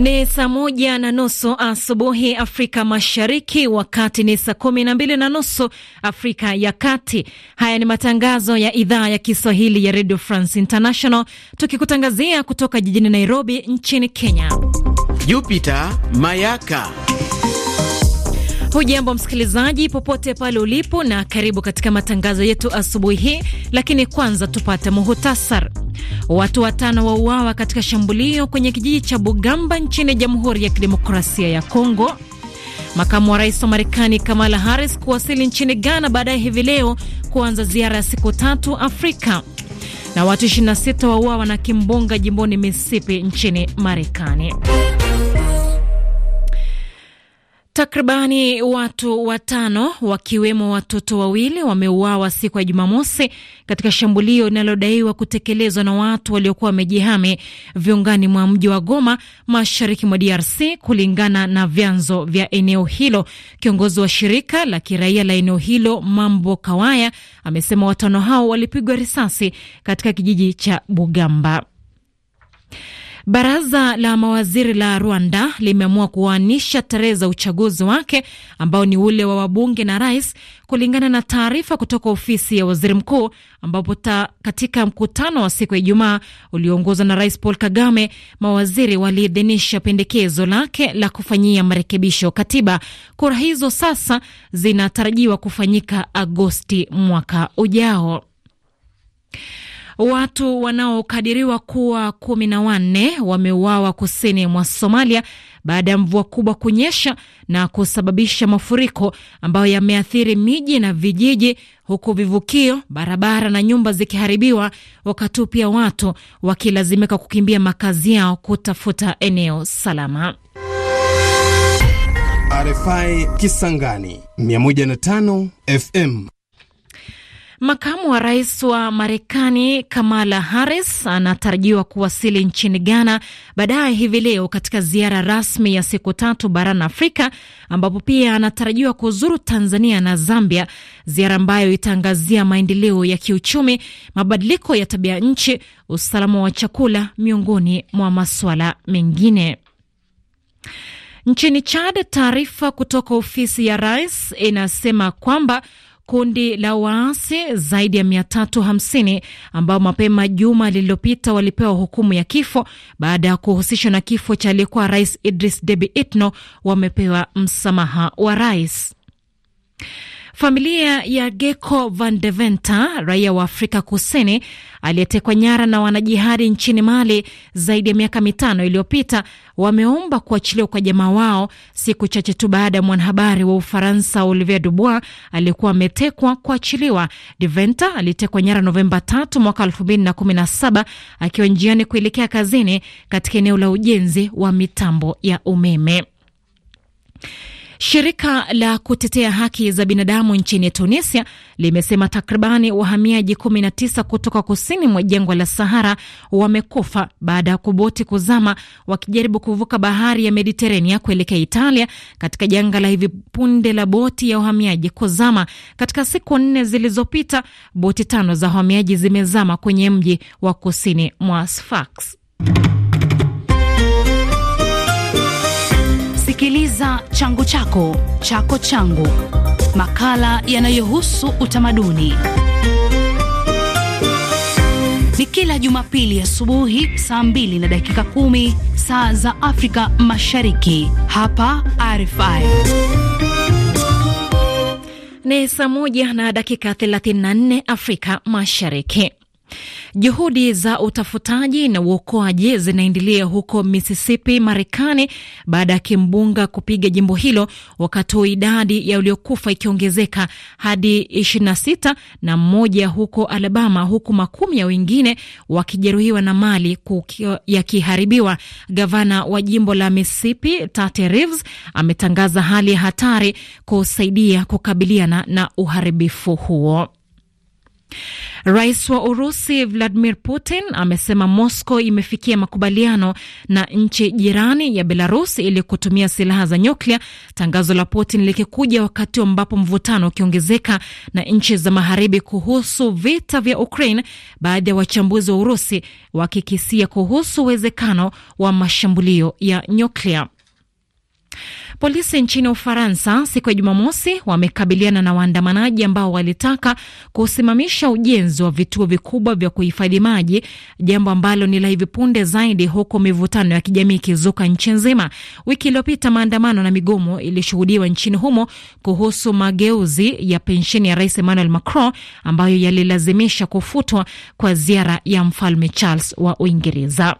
Ni saa moja na nusu asubuhi Afrika Mashariki, wakati ni saa kumi na mbili na nusu Afrika ya Kati. Haya ni matangazo ya idhaa ya Kiswahili ya Radio France International, tukikutangazia kutoka jijini Nairobi nchini Kenya. Jupiter Mayaka. Hujambo msikilizaji, popote pale ulipo, na karibu katika matangazo yetu asubuhi hii, lakini kwanza tupate muhutasar Watu watano wauawa katika shambulio kwenye kijiji cha Bugamba nchini Jamhuri ya Kidemokrasia ya Kongo. Makamu wa rais wa Marekani Kamala Harris kuwasili nchini Ghana baadaye hivi leo kuanza ziara ya siku tatu Afrika. Na watu 26 wauawa na kimbunga jimboni Mississippi nchini Marekani. Takribani watu watano wakiwemo watoto wawili wameuawa siku ya Jumamosi katika shambulio linalodaiwa kutekelezwa na watu waliokuwa wamejihami viungani mwa mji wa Goma, mashariki mwa DRC, kulingana na vyanzo vya eneo hilo. Kiongozi wa shirika la kiraia la eneo hilo Mambo Kawaya amesema watano hao walipigwa risasi katika kijiji cha Bugamba. Baraza la mawaziri la Rwanda limeamua kuanisha tarehe za uchaguzi wake ambao ni ule wa wabunge na rais, kulingana na taarifa kutoka ofisi ya waziri mkuu, ambapo katika mkutano wa siku ya Ijumaa ulioongozwa na Rais Paul Kagame, mawaziri waliidhinisha pendekezo lake la kufanyia marekebisho katiba. Kura hizo sasa zinatarajiwa kufanyika Agosti mwaka ujao. Watu wanaokadiriwa kuwa kumi na wanne wameuawa kusini mwa Somalia baada ya mvua kubwa kunyesha na kusababisha mafuriko ambayo yameathiri miji na vijiji, huku vivukio, barabara na nyumba zikiharibiwa, wakati pia watu wakilazimika kukimbia makazi yao kutafuta eneo salama. RFI Kisangani 105 FM Makamu wa rais wa Marekani Kamala Harris anatarajiwa kuwasili nchini Ghana baadaye hivi leo katika ziara rasmi ya siku tatu barani Afrika, ambapo pia anatarajiwa kuzuru Tanzania na Zambia, ziara ambayo itaangazia maendeleo ya kiuchumi, mabadiliko ya tabia nchi, usalama wa chakula, miongoni mwa masuala mengine. Nchini Chad, taarifa kutoka ofisi ya rais inasema kwamba kundi la waasi zaidi ya 350 ambao mapema juma lililopita walipewa hukumu ya kifo baada ya kuhusishwa na kifo cha aliyekuwa Rais Idris Deby Itno wamepewa msamaha wa rais. Familia ya Geko Van Deventer, raia wa Afrika Kusini aliyetekwa nyara na wanajihadi nchini Mali zaidi ya miaka mitano iliyopita, wameomba kuachiliwa kwa jamaa wao siku chache tu baada ya mwanahabari wa Ufaransa Olivier Dubois aliyekuwa ametekwa kuachiliwa. Deventer alitekwa nyara Novemba tatu mwaka elfu na kumi na saba akiwa njiani kuelekea kazini katika eneo la ujenzi wa mitambo ya umeme. Shirika la kutetea haki za binadamu nchini Tunisia limesema takribani wahamiaji 19 kutoka kusini mwa jangwa la Sahara wamekufa baada ya kuboti kuzama wakijaribu kuvuka bahari ya Mediterania kuelekea Italia katika janga la hivi punde la boti ya wahamiaji kuzama. Katika siku nne zilizopita, boti tano za wahamiaji zimezama kwenye mji wa kusini mwa Sfax. Sikiliza changu chako chako changu, makala yanayohusu utamaduni ni kila Jumapili asubuhi saa 2 na dakika kumi saa za Afrika Mashariki, hapa RFI ni saa moja na dakika 34 Afrika Mashariki. Juhudi za utafutaji na uokoaji zinaendelea huko Mississippi, Marekani, baada ya kimbunga kupiga jimbo hilo, wakati huu idadi ya waliokufa ikiongezeka hadi 26 na mmoja huko Alabama, huku makumi ya wengine wakijeruhiwa na mali yakiharibiwa. Gavana wa jimbo la Mississippi, Tate Reeves, ametangaza hali ya hatari kusaidia kukabiliana na uharibifu huo. Rais wa Urusi Vladimir Putin amesema Moscow imefikia makubaliano na nchi jirani ya Belarus ili kutumia silaha za nyuklia, tangazo la Putin likikuja wakati ambapo mvutano ukiongezeka na nchi za magharibi kuhusu vita vya Ukraine, baadhi ya wachambuzi wa Urusi wakikisia kuhusu uwezekano wa mashambulio ya nyuklia. Polisi nchini Ufaransa siku ya Jumamosi wamekabiliana na waandamanaji ambao walitaka kusimamisha ujenzi wa vituo vikubwa vya kuhifadhi maji, jambo ambalo ni la hivi punde zaidi, huku mivutano ya kijamii ikizuka nchi nzima. Wiki iliyopita maandamano na migomo ilishuhudiwa nchini humo kuhusu mageuzi ya pensheni ya Rais Emmanuel Macron ambayo yalilazimisha kufutwa kwa ziara ya Mfalme Charles wa Uingereza.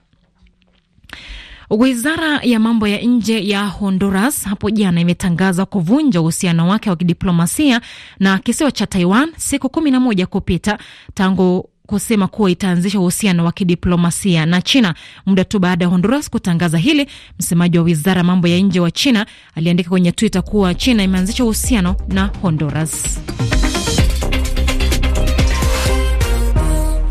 Wizara ya mambo ya nje ya Honduras hapo jana imetangaza kuvunja uhusiano wake wa kidiplomasia na kisiwa cha Taiwan siku kumi na moja kupita tangu kusema kuwa itaanzisha uhusiano wa kidiplomasia na China muda tu baada ya Honduras kutangaza hili. Msemaji wa wizara mambo ya nje wa China aliandika kwenye Twitter kuwa China imeanzisha uhusiano na Honduras.